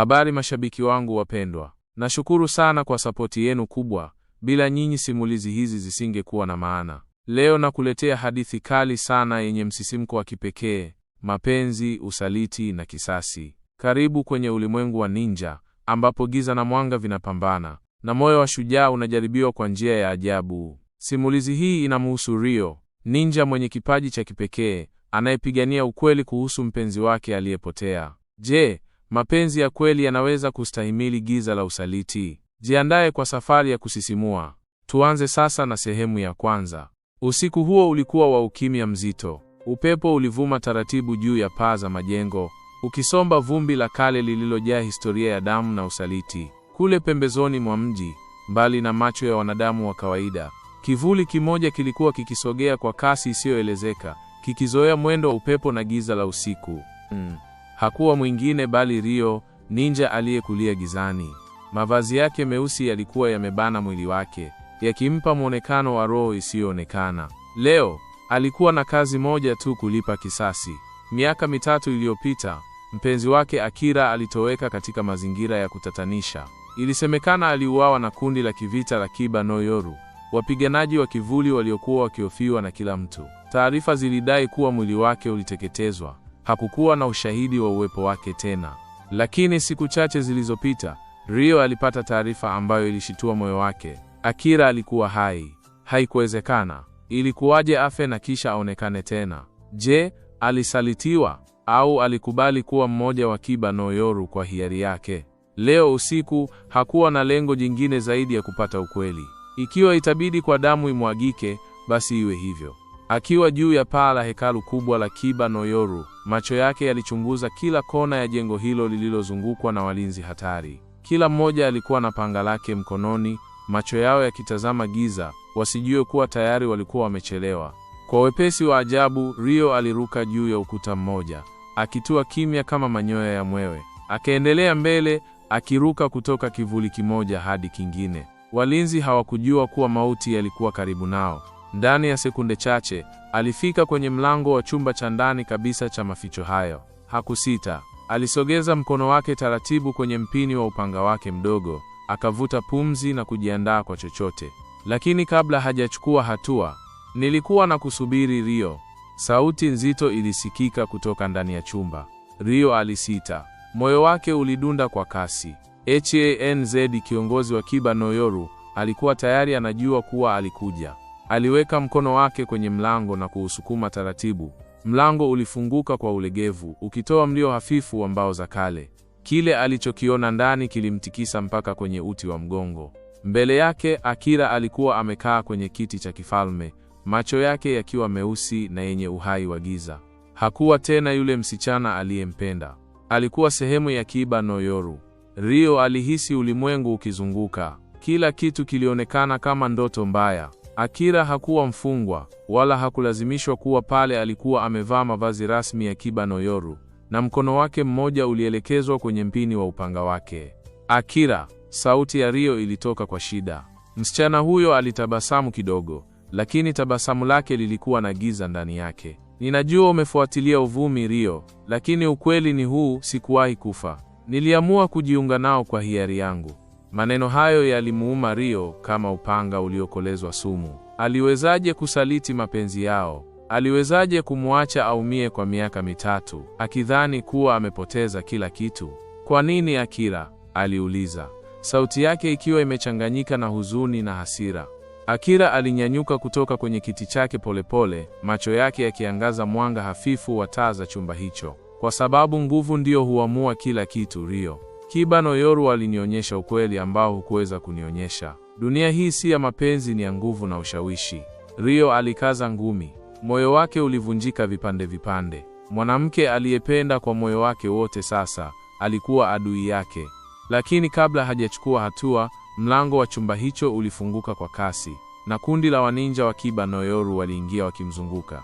Habari mashabiki wangu wapendwa, nashukuru sana kwa sapoti yenu kubwa. Bila nyinyi simulizi hizi zisingekuwa na maana. Leo nakuletea hadithi kali sana yenye msisimko wa kipekee: mapenzi, usaliti na kisasi. Karibu kwenye ulimwengu wa ninja, ambapo giza na mwanga vinapambana na moyo wa shujaa unajaribiwa kwa njia ya ajabu. Simulizi hii inamhusu Rio, ninja mwenye kipaji cha kipekee anayepigania ukweli kuhusu mpenzi wake aliyepotea. Je, Mapenzi ya kweli yanaweza kustahimili giza la usaliti. Jiandae kwa safari ya kusisimua. Tuanze sasa na sehemu ya kwanza. Usiku huo ulikuwa wa ukimya mzito. Upepo ulivuma taratibu juu ya paa za majengo, ukisomba vumbi la kale lililojaa historia ya damu na usaliti. Kule pembezoni mwa mji, mbali na macho ya wanadamu wa kawaida, kivuli kimoja kilikuwa kikisogea kwa kasi isiyoelezeka, kikizoea mwendo wa upepo na giza la usiku. Mm. Hakuwa mwingine bali Rio, ninja aliyekulia gizani. Mavazi yake meusi yalikuwa yamebana mwili wake, yakimpa mwonekano wa roho isiyoonekana. Leo alikuwa na kazi moja tu, kulipa kisasi. Miaka mitatu iliyopita, mpenzi wake Akira alitoweka katika mazingira ya kutatanisha. Ilisemekana aliuawa na kundi la kivita la Kiba no Yoru, wapiganaji wa kivuli waliokuwa wakihofiwa na kila mtu. Taarifa zilidai kuwa mwili wake uliteketezwa hakukuwa na ushahidi wa uwepo wake tena. Lakini siku chache zilizopita, Rio alipata taarifa ambayo ilishitua moyo wake. Akira alikuwa hai. Haikuwezekana. Ilikuwaje afe na kisha aonekane tena? Je, alisalitiwa au alikubali kuwa mmoja wa Kiba no Yoru kwa hiari yake? Leo usiku hakuwa na lengo jingine zaidi ya kupata ukweli. Ikiwa itabidi kwa damu imwagike, basi iwe hivyo. Akiwa juu ya paa la hekalu kubwa la Kiba noyoru macho yake yalichunguza kila kona ya jengo hilo lililozungukwa na walinzi hatari. Kila mmoja alikuwa na panga lake mkononi, macho yao yakitazama giza, wasijue kuwa tayari walikuwa wamechelewa. Kwa wepesi wa ajabu, Rio aliruka juu ya ukuta mmoja, akitua kimya kama manyoya ya mwewe. Akaendelea mbele, akiruka kutoka kivuli kimoja hadi kingine. Walinzi hawakujua kuwa mauti yalikuwa karibu nao. Ndani ya sekunde chache alifika kwenye mlango wa chumba cha ndani kabisa cha maficho hayo. Hakusita, alisogeza mkono wake taratibu kwenye mpini wa upanga wake mdogo, akavuta pumzi na kujiandaa kwa chochote. Lakini kabla hajachukua hatua, nilikuwa na kusubiri Rio. Sauti nzito ilisikika kutoka ndani ya chumba. Rio alisita, moyo wake ulidunda kwa kasi. Hanz, kiongozi wa Kiba Noyoru, alikuwa tayari anajua kuwa alikuja. Aliweka mkono wake kwenye mlango na kuusukuma taratibu. Mlango ulifunguka kwa ulegevu, ukitoa mlio hafifu wa mbao za kale. Kile alichokiona ndani kilimtikisa mpaka kwenye uti wa mgongo. Mbele yake Akira alikuwa amekaa kwenye kiti cha kifalme, macho yake yakiwa meusi na yenye uhai wa giza. Hakuwa tena yule msichana aliyempenda. Alikuwa sehemu ya Kiba no Yoru. Rio alihisi ulimwengu ukizunguka. Kila kitu kilionekana kama ndoto mbaya. Akira hakuwa mfungwa wala hakulazimishwa kuwa pale. Alikuwa amevaa mavazi rasmi ya Kiba no Yoru na mkono wake mmoja ulielekezwa kwenye mpini wa upanga wake. Akira, sauti ya Rio ilitoka kwa shida. Msichana huyo alitabasamu kidogo, lakini tabasamu lake lilikuwa na giza ndani yake. Ninajua umefuatilia uvumi Rio, lakini ukweli ni huu, sikuwahi kufa. Niliamua kujiunga nao kwa hiari yangu. Maneno hayo yalimuuma Rio kama upanga uliokolezwa sumu. Aliwezaje kusaliti mapenzi yao? Aliwezaje kumwacha aumie kwa miaka mitatu akidhani kuwa amepoteza kila kitu? Kwa nini Akira? aliuliza, sauti yake ikiwa imechanganyika na huzuni na hasira. Akira alinyanyuka kutoka kwenye kiti chake polepole, macho yake yakiangaza mwanga hafifu wa taa za chumba hicho. Kwa sababu nguvu ndiyo huamua kila kitu, Rio. Kiba no Yoru alinionyesha ukweli ambao hukuweza kunionyesha. Dunia hii si ya mapenzi, ni ya nguvu na ushawishi. Rio alikaza ngumi, moyo wake ulivunjika vipande vipande. Mwanamke aliyependa kwa moyo wake wote sasa alikuwa adui yake. Lakini kabla hajachukua hatua, mlango wa chumba hicho ulifunguka kwa kasi na kundi la waninja wa Kiba noyoru waliingia wakimzunguka.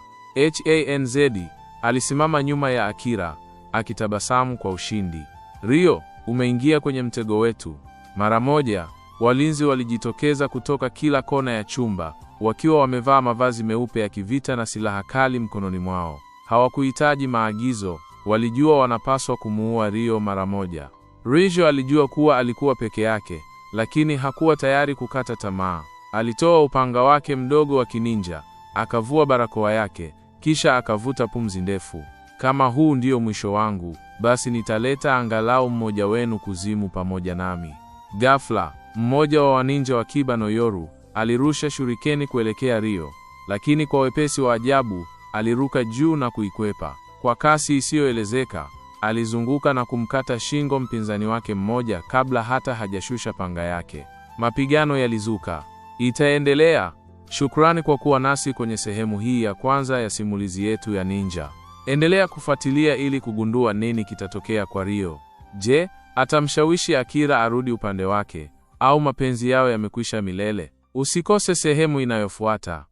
Hanz alisimama nyuma ya Akira akitabasamu kwa ushindi. Rio umeingia kwenye mtego wetu. Mara moja walinzi walijitokeza kutoka kila kona ya chumba, wakiwa wamevaa mavazi meupe ya kivita na silaha kali mkononi mwao. Hawakuhitaji maagizo, walijua wanapaswa kumuua Rio mara moja. Rijo alijua kuwa alikuwa peke yake, lakini hakuwa tayari kukata tamaa. Alitoa upanga wake mdogo wa kininja, akavua barakoa yake, kisha akavuta pumzi ndefu. Kama huu ndio mwisho wangu, basi nitaleta angalau mmoja wenu kuzimu pamoja nami. Ghafla mmoja wa waninja wa Kiba no Yoru alirusha shurikeni kuelekea Rio, lakini kwa wepesi wa ajabu aliruka juu na kuikwepa kwa kasi isiyoelezeka. Alizunguka na kumkata shingo mpinzani wake mmoja kabla hata hajashusha panga yake. Mapigano yalizuka. Itaendelea. Shukrani kwa kuwa nasi kwenye sehemu hii ya kwanza ya simulizi yetu ya Ninja. Endelea kufuatilia ili kugundua nini kitatokea kwa Rio. Je, atamshawishi Akira arudi upande wake au mapenzi yao yamekwisha milele? Usikose sehemu inayofuata.